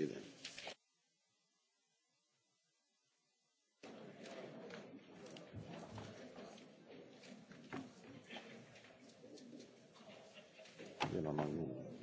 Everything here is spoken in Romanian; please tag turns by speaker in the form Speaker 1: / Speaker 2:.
Speaker 1: deschidem. Eu am